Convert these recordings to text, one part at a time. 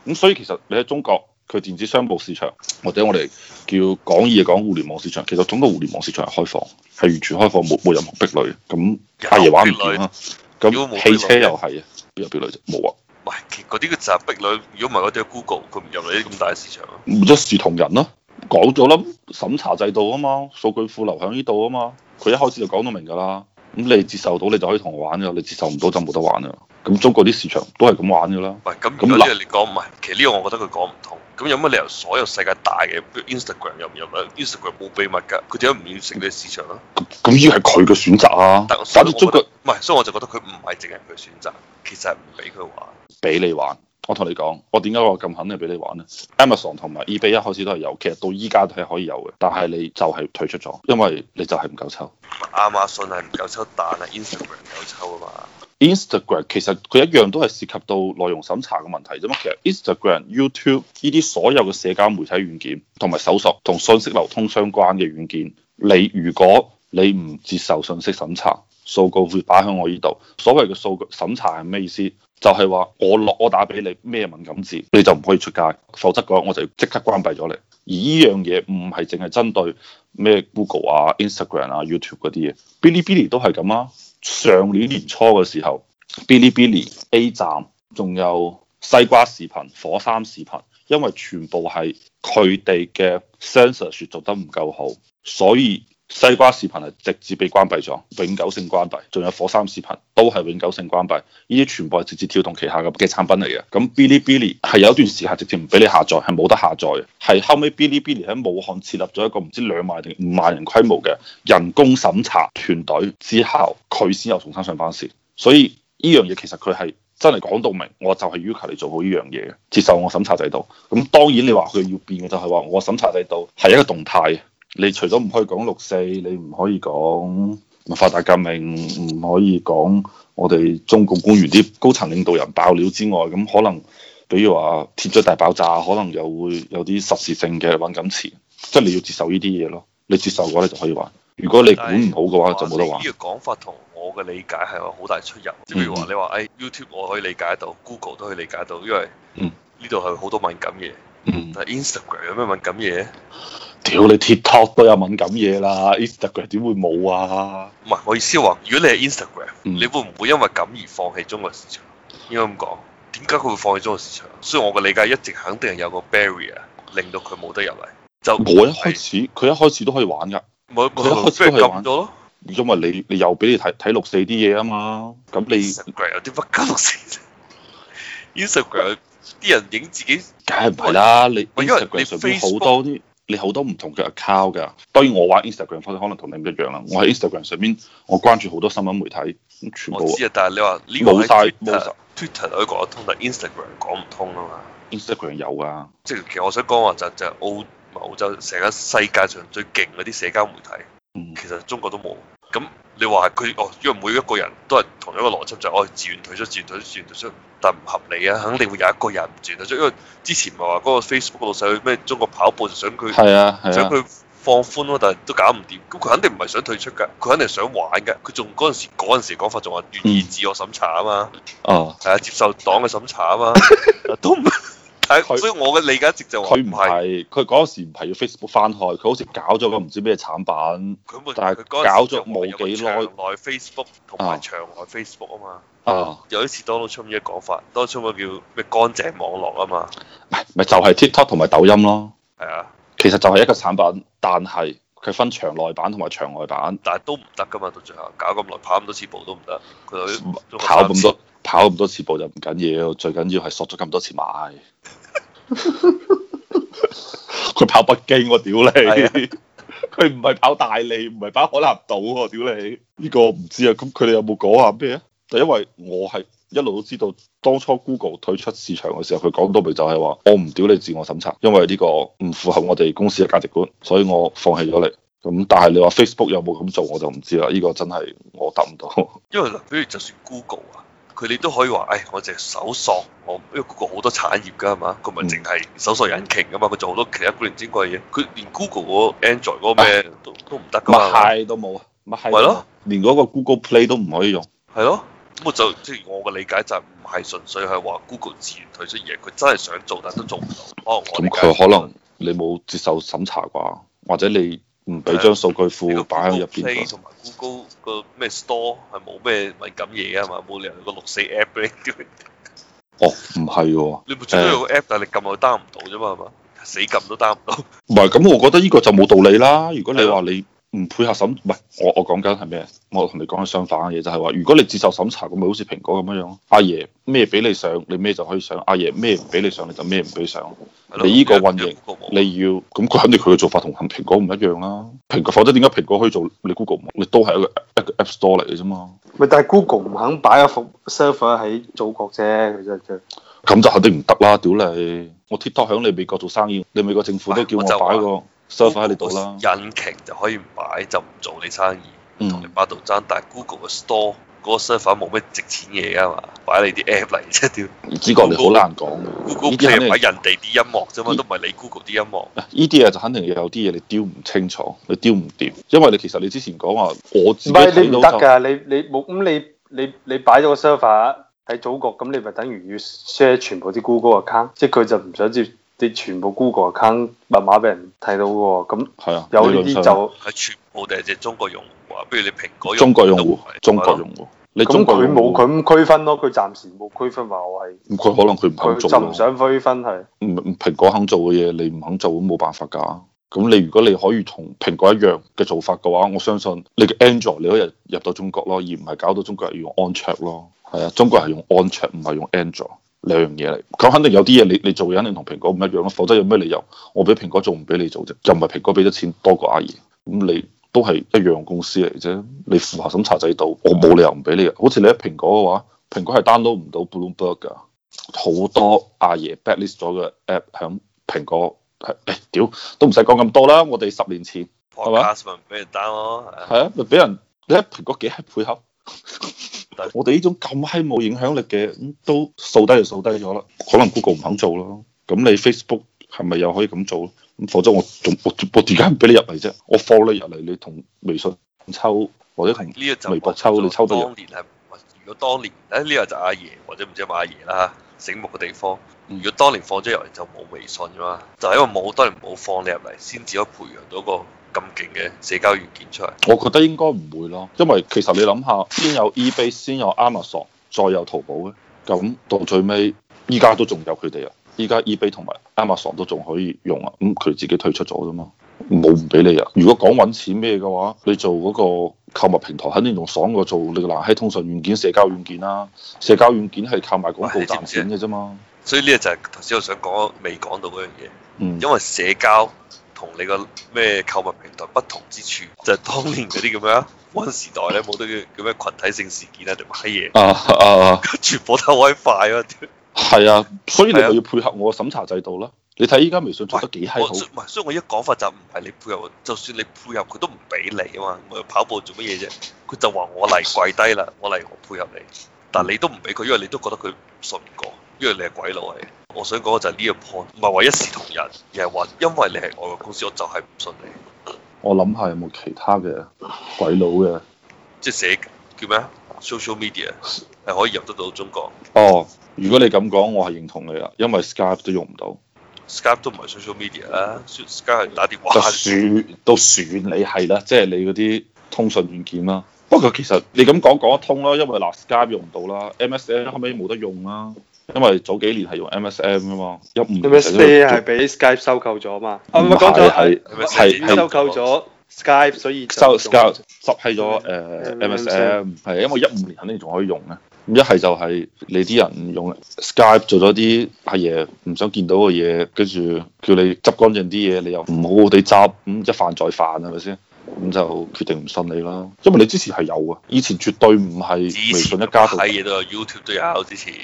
咁、嗯、所以其實你喺中國佢電子商務市場或者我哋叫廣義嘅講互聯網市場，其實整個互聯網市場係開放，係完全開放，冇冇任何壁壘。咁阿爺玩唔掂啊！咁汽車又係啊，邊有壁壘啫？冇啊！喂，嗰啲嘅就係壁壘。如果唔係嗰啲 Google，佢唔入嚟啲咁大嘅市場。唔一視同仁咯、啊，講咗啦，審查制度啊嘛，數據庫留喺呢度啊嘛，佢一開始就講到明㗎啦。咁你接受到你就可以同我玩㗎，你接受唔到就冇得玩啦。咁中國啲市場都係咁玩㗎啦。唔咁、嗯，咁呢個你講唔係，那其實呢個我覺得佢講唔通。咁有乜理由？所有世界大嘅 Inst，Instagram 入唔有冇 Instagram 冇秘密噶？佢點解唔要食你市場啊？咁呢個係佢嘅選擇啊。但係中國唔係，所以我就覺得佢唔係淨係佢選擇，其實唔俾佢玩。俾你玩。我同你講，我點解我咁肯定俾你玩呢？Amazon 同埋 eBay 一開始都係有，其實到依家都係可以有嘅，但係你就係退出咗，因為你就係唔夠抽。亞馬遜係唔夠抽，但係 Instagram 夠抽啊嘛。Instagram 其實佢一樣都係涉及到內容審查嘅問題啫嘛。其實 Instagram、YouTube 呢啲所有嘅社交媒體軟件同埋搜索同信息流通相關嘅軟件，你如果你唔接受信息審查，數據會擺喺我呢度。所謂嘅數據審查係咩意思？就係話我落我打俾你咩敏感字，你就唔可以出街，否則嘅話我就要即刻關閉咗你。而依樣嘢唔係淨係針對咩 Google 啊、Instagram 啊、YouTube 嗰啲嘢，Bilibili 都係咁啊。上年年初嘅時候，Bilibili A 站，仲有西瓜視頻、火山視頻，因為全部係佢哋嘅 censorship 做得唔夠好，所以，西瓜視頻係直接被關閉咗，永久性關閉。仲有火山視頻都係永久性關閉。呢啲全部係字節跳動旗下嘅產品嚟嘅。咁 Bilibili 係有一段時間直接唔俾你下載，係冇得下載嘅。係後尾 Bilibili 喺武漢設立咗一個唔知兩萬定五萬人規模嘅人工審查團隊之後，佢先又重新上返線。所以呢樣嘢其實佢係真係講到明，我就係要求你做好呢樣嘢，接受我審查制度。咁當然你話佢要變嘅就係話我審查制度係一個動態。你除咗唔可以講六四，你唔可以講文化大革命，唔可以講我哋中共官員啲高層領導人爆料之外，咁可能，比如話天津大爆炸，可能又會有啲實時性嘅敏感詞，即係你要接受呢啲嘢咯。你接受嘅話咧就可以玩，如果你管唔好嘅話就冇得玩。呢個講法同我嘅理解係有好大出入，即、嗯、譬如話你話誒 YouTube 我可以理解到，Google 都可以理解到，因為呢度係好多敏感嘢。嗯、但係 Instagram 有咩敏感嘢？屌你 TikTok 都有敏感嘢啦，Instagram 點會冇啊？唔係，我意思話如果你係 Instagram，你會唔會因為咁而放棄中國市場？應該咁講，點解佢會放棄中國市場？所以我嘅理解一直肯定係有個 barrier 令到佢冇得入嚟。就我一開始，佢一開始都可以玩噶，佢一開始都係玩咗咯。因為你你又俾你睇睇六四啲嘢啊嘛，咁你 Instagram 有啲乜家六四？Instagram 啲人影自己，梗係唔係啦？你 Instagram 上邊好多啲。你好多唔同嘅 account 噶，當然我玩 Instagram 方式可能同你唔一樣啦。我喺 Instagram 上邊，我關注好多新聞媒體，全部我知啊。但係你話呢個 Twitter 可以講得通，但係 Instagram 講唔通啊嘛。Instagram 有啊，即係其實我想講話就就澳澳洲成間世界上最勁嗰啲社交媒體，嗯、其實中國都冇。咁你話佢哦，因為每一個人都係同一個邏輯，就係我係自願退出、自願退出、自願退出，但唔合理啊！肯定會有一個人唔退出，因為之前咪係話嗰個 Facebook 老細去咩中國跑步就想佢係啊，啊想佢放寬咯，但係都搞唔掂。咁佢肯定唔係想退出㗎，佢肯定想玩嘅。佢仲嗰陣時嗰陣時講法仲話願意自我審查啊嘛、嗯，哦，係啊、嗯，接受黨嘅審查啊嘛，都唔～所以我嘅理解一直就話佢唔係，佢嗰時唔係要 Facebook 翻開，佢好似搞咗個唔知咩產品，但係佢搞咗冇幾耐。牆內 Facebook 同埋牆外 Facebook 啊嘛，有一次特朗普嘅講法，特朗普叫咩乾淨網絡啊嘛，咪就係、是、TikTok 同埋抖音咯。係啊，其實就係一個產品，但係佢分牆內版同埋牆外版，但係都唔得噶嘛。到最後搞咁耐，跑咁多次步都唔得。佢跑咁多跑咁多次步就唔緊要，最緊要係索咗咁多次買。佢 跑北京，啊，我屌你！佢唔係跑大理，唔係跑海南島，啊，我屌你！呢、這個唔知啊，咁佢哋有冇講下咩啊？就因為我係一路都知道，當初 Google 退出市場嘅時候，佢講到咪就係話，我唔屌你自我審查，因為呢個唔符合我哋公司嘅價值觀，所以我放棄咗你。咁但係你話 Facebook 有冇咁做，我就唔知啦。呢、這個真係我答唔到。因為就算 Google 啊。佢哋都可以話，誒，我淨係搜索，我因為 Google 好多產業㗎係嘛，佢咪係淨係搜索引擎㗎嘛，佢做好多其他古靈精怪嘢，佢連 Google 嗰 Android 嗰咩都都唔得㗎嘛，乜都冇，啊。咪係咯，連嗰個 Google Play 都唔可以用，係咯，咁我就即係我嘅理解就唔係純粹係話 Google 自然退出嘢，佢真係想做但都做唔到，哦，咁佢可能你冇接受審查啩，或者你？唔俾張數據庫擺喺入邊啊！同埋 Google 個咩 Store 係冇咩敏感嘢啊嘛，冇理由有個六四 App 俾你。哦，唔係喎。你部機有個 App，但係你撳落去 down 唔到啫嘛，係嘛？死撳都 down 唔到。唔係咁，我覺得呢個就冇道理啦。如果你話你。唔配合審，唔係我我講緊係咩？我同你講係相反嘅嘢，就係、係、話如果你接受審查，咁咪好似蘋果咁樣樣。阿爺咩俾你上，你咩就可以上；阿爺咩唔俾你上，你就咩唔俾上。嗯、你呢個運營、嗯、你要咁，佢肯定佢嘅做法同蘋果唔一樣啦、啊。蘋果，否則點解蘋果可以做你 Google？你都係一個一個，一個 App Store 嚟嘅啫嘛。咪但係 Google 唔肯擺個 server 喺祖國啫，佢就佢。咁就肯定唔得啦！屌你，我 TikTok 響你美國做生意，你美國政府都叫我擺個 server 喺你度啦，引擎就可以唔擺就唔做你生意，同、嗯、你百度爭。但係 Google 嘅 store 嗰個 server 冇乜值錢嘢啊嘛，擺你啲 app 嚟啫。屌，主角你好難講嘅。Google 係擺 Google, Google 人哋啲音樂啫嘛，都唔係你 Google 啲音樂。呢啲嘢就肯定要有啲嘢你屌唔清楚，你屌唔掉，因為你其實你之前講話我唔係你唔得㗎，你你冇咁你你你，你，你擺咗個 server 喺祖國，咁你咪等如要 share 全部啲 Google 嘅 account，即係佢就唔想接。啲全部 Google account 密碼俾人睇到喎，咁有啲就係全部都係只中國用戶，不如你蘋果用中國用戶，嗯、中國用戶，嗯、你中國佢冇佢唔區分咯，佢暫時冇區分話我係佢可能佢唔肯做咯，就唔想區分係唔唔蘋果肯做嘅嘢，你唔肯做咁冇辦法㗎。咁你如果你可以同蘋果一樣嘅做法嘅話，我相信你 Android 你可以入到中國咯，而唔係搞到中國人用安卓咯。係啊，中國人係用安卓唔係用 Android。兩樣嘢嚟，佢肯定有啲嘢你你做嘅肯定同蘋果唔一樣咯，否則有咩理由我俾蘋果做唔俾你做啫？又唔係蘋果俾咗錢多過阿爺，咁你都係一樣公司嚟啫，你符合審查制度，我冇理由唔俾你。好似你喺蘋果嘅話，蘋果係 download 唔到 Bloomberg 㗎好多阿爺 badlist 咗嘅 app 響蘋果，誒、哎、屌都唔使講咁多啦。我哋十年前係嘛俾人 download 係啊，俾、啊啊、人你喺蘋果幾係配合？ 我哋呢種咁閪冇影響力嘅，都掃低就掃低咗啦。可能 Google 唔肯做咯，咁你 Facebook 係咪又可以咁做？咁否則我仲我我而家唔俾你入嚟啫。我放你入嚟，你同微信抽或者係微博抽，你抽得入。如果當年，誒呢個就阿爺或者唔知乜阿爺啦醒目嘅地方。如果當年放咗入嚟就冇微信嘛，就係、是、因為冇，當年冇唔好放你入嚟，先至可以培養到個。咁勁嘅社交軟件出嚟，我覺得應該唔會咯。因為其實你諗下，先有 eBay，先有 Amazon，再有淘寶嘅，咁到最尾依家都仲有佢哋啊。依家 eBay 同埋 Amazon 都仲可以用啊。咁、嗯、佢自己退出咗啫嘛，冇唔俾你啊。如果講揾錢咩嘅話，你做嗰個購物平台，肯定仲爽過做你嗱喺通訊軟件、社交軟件啦、啊。社交軟件係靠埋廣告賺錢嘅啫嘛。所以呢個就係頭先我想講未講到嗰樣嘢，嗯、因為社交。同你個咩購物平台不同之處，就係當年嗰啲咁樣，嗰陣 時代咧冇得叫咩群體性事件啊，就買嘢、啊，啊啊 啊，全部都 WiFi 啊啲，係啊，所以你又要配合我審查制度啦。啊、你睇依家微信做得幾閪唔係，所以我一講法就唔係你配合，就算你配合佢都唔俾你啊嘛。我跑步做乜嘢啫？佢就話我嚟跪低啦，我嚟我配合你，但係你都唔俾佢，因為你都覺得佢信唔過，因為你係鬼佬嚟。我想講嘅就係呢個 point，唔係話一視同仁，而係話因為你係外國公司，我就係唔信你。我諗下有冇其他嘅鬼佬嘅，即係寫叫咩 Social media 係可以入得到中國。哦，如果你咁講，我係認同你啦，因為 Skype 都用唔到，Skype 都唔係 social media 啦 Skype 係打電話。都算你係啦，即係你嗰啲通訊軟件啦。不過其實你咁講講得通啦，因為嗱 Skype 用唔到啦，MSN 後尾冇得用啦。因為早幾年係用 M S M 噶嘛，一五 M S M 係俾 Skype 收購咗嘛。啊唔係係收購咗 Skype，所以收收 k 執起咗誒 M S M 係，因為一五年肯定仲可以用咧。咁一係就係你啲人用 Skype 做咗啲黑嘢，唔想見到嘅嘢，跟住叫你執乾淨啲嘢，你又唔好好地執，咁一犯再犯係咪先？咁就決定唔信你啦。因為你之前係有啊，以前絕對唔係微信一家獨。以前睇嘢都有 YouTube 都有，之前。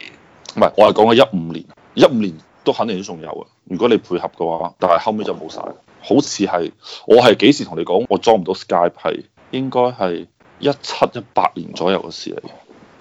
唔係，我係講緊一五年，一五年都肯定都仲有啊。如果你配合嘅話，但係後尾就冇晒。好似係我係幾時同你講，我裝唔到 Skype 係應該係一七一八年左右嘅事嚟，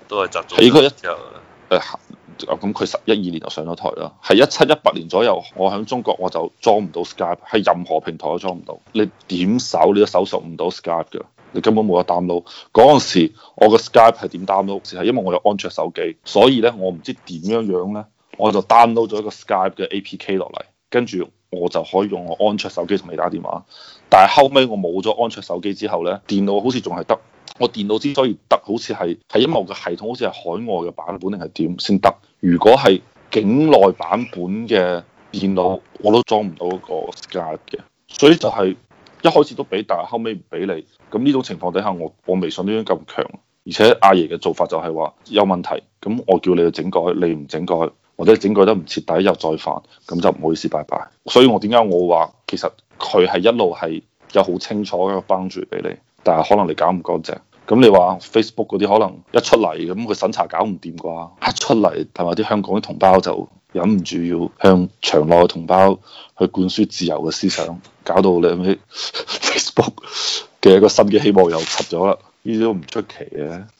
都係集中。係應該佢一時候誒，咁佢十一二年就上咗台啦。係一七一八年左右，我喺中國我就裝唔到 Skype，係任何平台都裝唔到。你點搜你都搜索唔到 Skype 㗎。你根本冇得 download。嗰陣時，我個 Skype 係點 download 先係，因為我有安卓手機，所以咧我唔知點樣樣咧，我就 download 咗一個 Skype 嘅 APK 落嚟，跟住我就可以用我安卓手機同你打電話。但係後尾我冇咗安卓手機之後咧，電腦好似仲係得。我電腦之所以得，好似係係因為我個系統好似係海外嘅版本定係點先得。如果係境內版本嘅電腦，我都裝唔到嗰個 Skype 嘅，所以就係。一開始都俾，但係後尾唔俾你。咁呢種情況底下，我我微信都已經咁強，而且阿爺嘅做法就係話有問題，咁我叫你去整改，你唔整改或者整改得唔徹底又再犯，咁就唔好意思拜拜。所以我點解我話其實佢係一路係有好清楚嘅一個幫助俾你，但係可能你搞唔乾淨。咁你話 Facebook 嗰啲可能一出嚟咁佢審查搞唔掂啩？一出嚟同埋啲香港啲同胞就。忍唔住要向場內嘅同胞去灌輸自由嘅思想，搞到你喺 Facebook 嘅一個新嘅希望又闙咗啦，呢啲都唔出奇嘅。